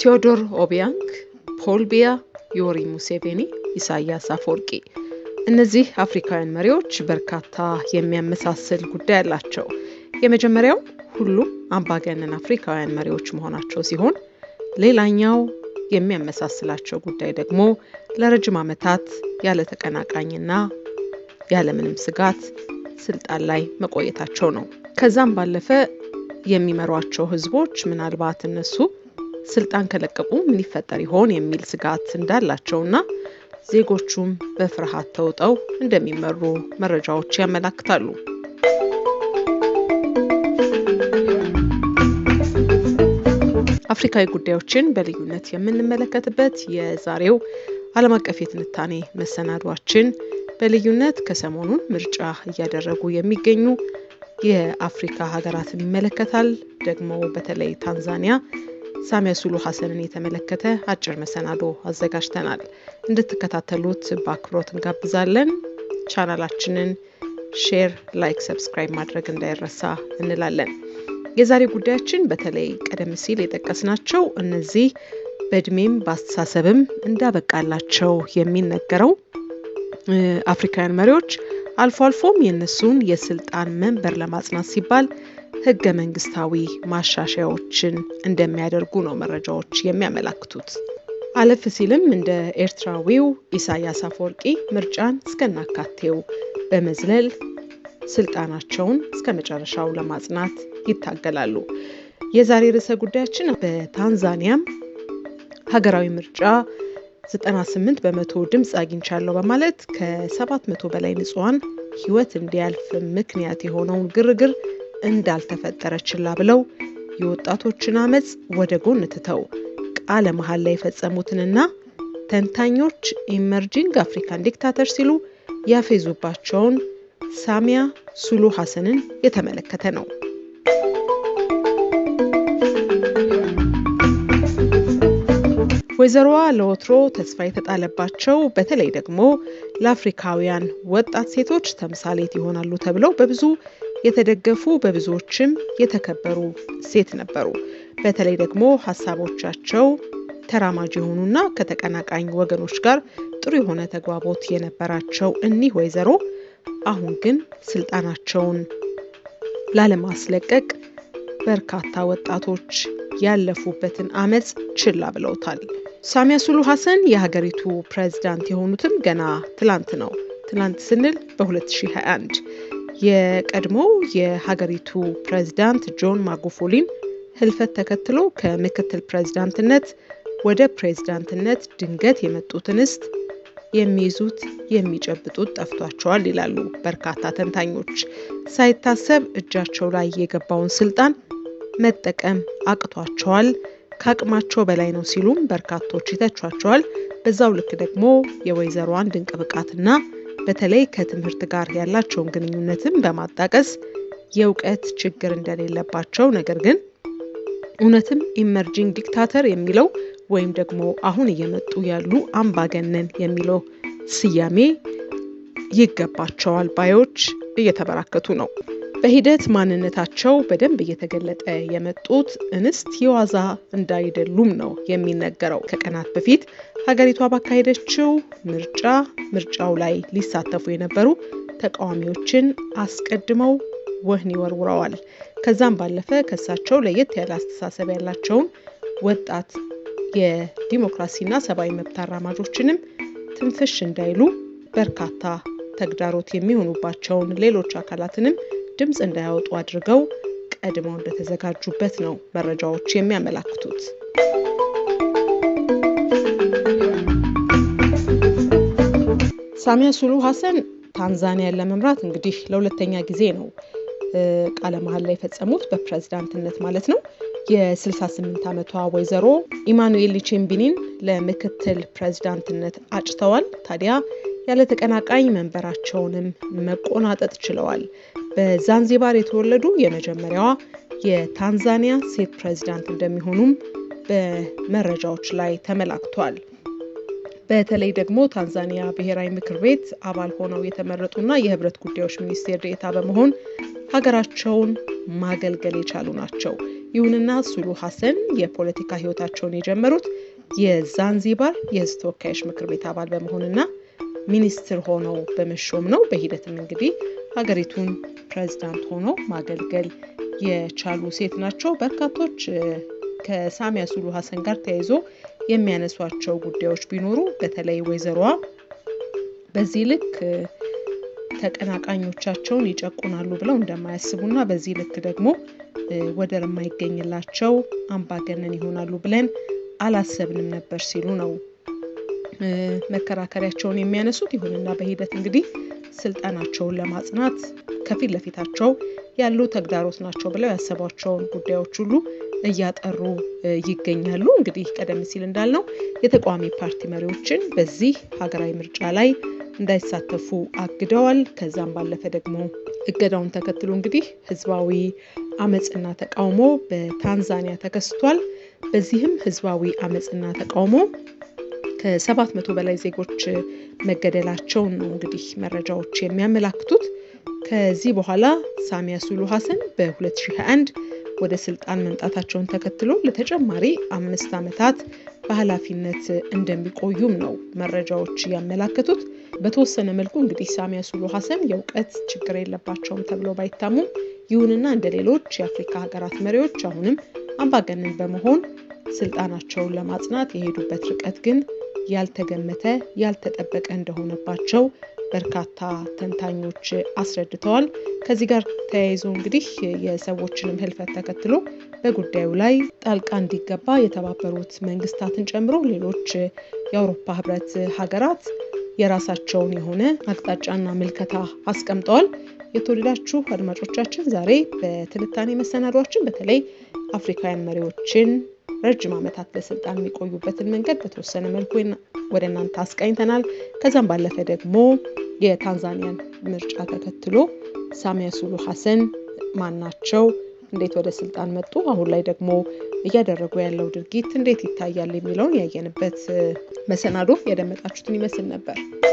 ቴዎዶር ኦቢያንግ፣ ፖል ቢያ፣ ዮሪ ሙሴቬኒ፣ ኢሳያስ አፈወርቂ እነዚህ አፍሪካውያን መሪዎች በርካታ የሚያመሳስል ጉዳይ አላቸው። የመጀመሪያው ሁሉም አምባገነን አፍሪካውያን መሪዎች መሆናቸው ሲሆን ሌላኛው የሚያመሳስላቸው ጉዳይ ደግሞ ለረጅም ዓመታት ያለ ተቀናቃኝና ያለምንም ስጋት ስልጣን ላይ መቆየታቸው ነው። ከዛም ባለፈ የሚመሯቸው ህዝቦች ምናልባት እነሱ ስልጣን ከለቀቁ ምን ይፈጠር ይሆን የሚል ስጋት እንዳላቸውና ዜጎቹም በፍርሃት ተውጠው እንደሚመሩ መረጃዎች ያመላክታሉ። አፍሪካዊ ጉዳዮችን በልዩነት የምንመለከትበት የዛሬው ዓለም አቀፍ የትንታኔ መሰናዷችን በልዩነት ከሰሞኑን ምርጫ እያደረጉ የሚገኙ የአፍሪካ ሀገራትን ይመለከታል። ደግሞ በተለይ ታንዛኒያ ሳሚያ ሱሉ ሀሰንን የተመለከተ አጭር መሰናዶ አዘጋጅተናል። እንድትከታተሉት በአክብሮት እንጋብዛለን። ቻናላችንን ሼር፣ ላይክ፣ ሰብስክራይብ ማድረግ እንዳይረሳ እንላለን። የዛሬ ጉዳያችን በተለይ ቀደም ሲል የጠቀስናቸው እነዚህ በእድሜም በአስተሳሰብም እንዳበቃላቸው የሚነገረው አፍሪካውያን መሪዎች አልፎ አልፎም የእነሱን የስልጣን መንበር ለማጽናት ሲባል ህገ መንግስታዊ ማሻሻያዎችን እንደሚያደርጉ ነው መረጃዎች የሚያመላክቱት። አለፍ ሲልም እንደ ኤርትራዊው ኢሳያስ አፈወርቂ ምርጫን እስከናካቴው በመዝለል ስልጣናቸውን እስከ መጨረሻው ለማጽናት ይታገላሉ። የዛሬ ርዕሰ ጉዳያችን በታንዛኒያም ሀገራዊ ምርጫ 98 በመቶ ድምፅ አግኝቻለሁ በማለት ከ700 በላይ ንጹሐን ህይወት እንዲያልፍ ምክንያት የሆነውን ግርግር እንዳልተፈጠረችላ ብለው የወጣቶችን አመፅ ወደ ጎን ትተው ቃለ መሀል ላይ የፈጸሙትንና ተንታኞች ኢመርጂንግ አፍሪካን ዲክታተር ሲሉ ያፌዙባቸውን ሳሚያ ሱሉ ሀሰንን የተመለከተ ነው። ወይዘሮዋ ለወትሮ ተስፋ የተጣለባቸው በተለይ ደግሞ ለአፍሪካውያን ወጣት ሴቶች ተምሳሌት ይሆናሉ ተብለው በብዙ የተደገፉ በብዙዎችም የተከበሩ ሴት ነበሩ። በተለይ ደግሞ ሀሳቦቻቸው ተራማጅ የሆኑና ከተቀናቃኝ ወገኖች ጋር ጥሩ የሆነ ተግባቦት የነበራቸው እኒህ ወይዘሮ አሁን ግን ስልጣናቸውን ላለማስለቀቅ በርካታ ወጣቶች ያለፉበትን አመፅ ችላ ብለውታል። ሳሚያ ሱሉ ሀሰን የሀገሪቱ ፕሬዝዳንት የሆኑትም ገና ትላንት ነው። ትላንት ስንል በ2021 የቀድሞው የሀገሪቱ ፕሬዝዳንት ጆን ማጉፎሊን ህልፈት ተከትሎ ከምክትል ፕሬዝዳንትነት ወደ ፕሬዝዳንትነት ድንገት የመጡትን እስት የሚይዙት የሚጨብጡት ጠፍቷቸዋል ይላሉ በርካታ ተንታኞች። ሳይታሰብ እጃቸው ላይ የገባውን ስልጣን መጠቀም አቅቷቸዋል፣ ከአቅማቸው በላይ ነው ሲሉም በርካቶች ይተቿቸዋል። በዛው ልክ ደግሞ የወይዘሮዋን ድንቅ ብቃትና በተለይ ከትምህርት ጋር ያላቸውን ግንኙነትም በማጣቀስ የእውቀት ችግር እንደሌለባቸው ነገር ግን እውነትም ኢመርጂንግ ዲክታተር የሚለው ወይም ደግሞ አሁን እየመጡ ያሉ አምባገነን የሚለው ስያሜ ይገባቸዋል ባዮች እየተበራከቱ ነው። በሂደት ማንነታቸው በደንብ እየተገለጠ የመጡት እንስት የዋዛ እንዳይደሉም ነው የሚነገረው። ከቀናት በፊት ሀገሪቷ ባካሄደችው ምርጫ ምርጫው ላይ ሊሳተፉ የነበሩ ተቃዋሚዎችን አስቀድመው ወህኒ ወርውረዋል። ከዛም ባለፈ ከሳቸው ለየት ያለ አስተሳሰብ ያላቸውን ወጣት የዲሞክራሲና ሰብአዊ መብት አራማጆችንም ትንፍሽ እንዳይሉ በርካታ ተግዳሮት የሚሆኑባቸውን ሌሎች አካላትንም ድምፅ እንዳያወጡ አድርገው ቀድመው እንደተዘጋጁበት ነው መረጃዎች የሚያመላክቱት። ሳሚያ ሱሉ ሀሰን ታንዛኒያን ለመምራት እንግዲህ ለሁለተኛ ጊዜ ነው ቃለ መሀል ላይ የፈጸሙት በፕሬዝዳንትነት ማለት ነው። የ68 ዓመቷ ወይዘሮ ኢማኑኤል ቼምቢኒን ለምክትል ፕሬዝዳንትነት አጭተዋል። ታዲያ ያለ ተቀናቃኝ መንበራቸውንም መቆናጠጥ ችለዋል። በዛንዚባር የተወለዱ የመጀመሪያዋ የታንዛኒያ ሴት ፕሬዚዳንት እንደሚሆኑም በመረጃዎች ላይ ተመላክቷል። በተለይ ደግሞ ታንዛኒያ ብሔራዊ ምክር ቤት አባል ሆነው የተመረጡና የህብረት ጉዳዮች ሚኒስቴር ዴኤታ በመሆን ሀገራቸውን ማገልገል የቻሉ ናቸው። ይሁንና ሱሉ ሀሰን የፖለቲካ ህይወታቸውን የጀመሩት የዛንዚባር የህዝብ ተወካዮች ምክር ቤት አባል በመሆንና ሚኒስትር ሆነው በመሾም ነው። በሂደትም እንግዲህ ሀገሪቱን ፕሬዝዳንት ሆኖ ማገልገል የቻሉ ሴት ናቸው። በርካቶች ከሳሚያ ሱሉ ሀሰን ጋር ተያይዞ የሚያነሷቸው ጉዳዮች ቢኖሩ በተለይ ወይዘሮዋ በዚህ ልክ ተቀናቃኞቻቸውን ይጨቁናሉ ብለው እንደማያስቡና በዚህ ልክ ደግሞ ወደር የማይገኝላቸው አምባገነን ይሆናሉ ብለን አላሰብንም ነበር ሲሉ ነው መከራከሪያቸውን የሚያነሱት። ይሁንና በሂደት እንግዲህ ስልጠናቸውን ለማጽናት ከፊት ለፊታቸው ያሉ ተግዳሮት ናቸው ብለው ያሰቧቸውን ጉዳዮች ሁሉ እያጠሩ ይገኛሉ። እንግዲህ ቀደም ሲል እንዳልነው የተቃዋሚ ፓርቲ መሪዎችን በዚህ ሀገራዊ ምርጫ ላይ እንዳይሳተፉ አግደዋል። ከዛም ባለፈ ደግሞ እገዳውን ተከትሎ እንግዲህ ህዝባዊ አመፅና ተቃውሞ በታንዛኒያ ተከስቷል። በዚህም ህዝባዊ አመፅና ተቃውሞ ከሰባት መቶ በላይ ዜጎች መገደላቸውን ነው እንግዲህ መረጃዎች የሚያመላክቱት። ከዚህ በኋላ ሳሚያ ሱሉ ሀሰን በ2021 ወደ ስልጣን መምጣታቸውን ተከትሎ ለተጨማሪ አምስት ዓመታት በኃላፊነት እንደሚቆዩም ነው መረጃዎች ያመላከቱት። በተወሰነ መልኩ እንግዲህ ሳሚያ ሱሉ ሀሰን የእውቀት ችግር የለባቸውም ተብሎ ባይታሙም፣ ይሁንና እንደ ሌሎች የአፍሪካ ሀገራት መሪዎች አሁንም አምባገነን በመሆን ስልጣናቸውን ለማጽናት የሄዱበት ርቀት ግን ያልተገመተ፣ ያልተጠበቀ እንደሆነባቸው በርካታ ተንታኞች አስረድተዋል። ከዚህ ጋር ተያይዞ እንግዲህ የሰዎችንም ህልፈት ተከትሎ በጉዳዩ ላይ ጣልቃ እንዲገባ የተባበሩት መንግስታትን ጨምሮ ሌሎች የአውሮፓ ህብረት ሀገራት የራሳቸውን የሆነ አቅጣጫና ምልከታ አስቀምጠዋል። የተወደዳችሁ አድማጮቻችን ዛሬ በትንታኔ መሰናዷችን በተለይ አፍሪካውያን መሪዎችን ረጅም ዓመታት በስልጣን የሚቆዩበትን መንገድ በተወሰነ መልኩ ወደ እናንተ አስቃኝተናል። ከዛም ባለፈ ደግሞ የታንዛኒያን ምርጫ ተከትሎ ሳሚያ ሱሉ ሀሰን ማናቸው እንዴት ወደ ስልጣን መጡ፣ አሁን ላይ ደግሞ እያደረጉ ያለው ድርጊት እንዴት ይታያል የሚለውን ያየንበት መሰናዶ ያደመጣችሁትን ይመስል ነበር።